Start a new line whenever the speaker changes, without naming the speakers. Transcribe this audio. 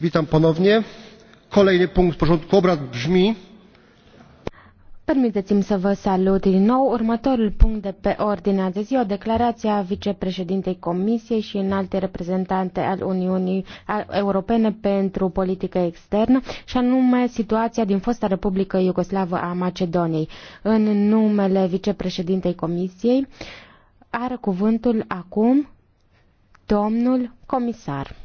witam ponownie. kolejny punkt porządku obrad brzmi
Permiteți mi să vă salut din nou. Următorul punct de pe ordinea de zi, o declarație a vicepreședintei Comisiei și înalte reprezentante al Uniunii Europene pentru politică externă, și anume situația din fosta Republică Iugoslavă a Macedoniei. În numele vicepreședintei Comisiei are cuvântul acum domnul comisar.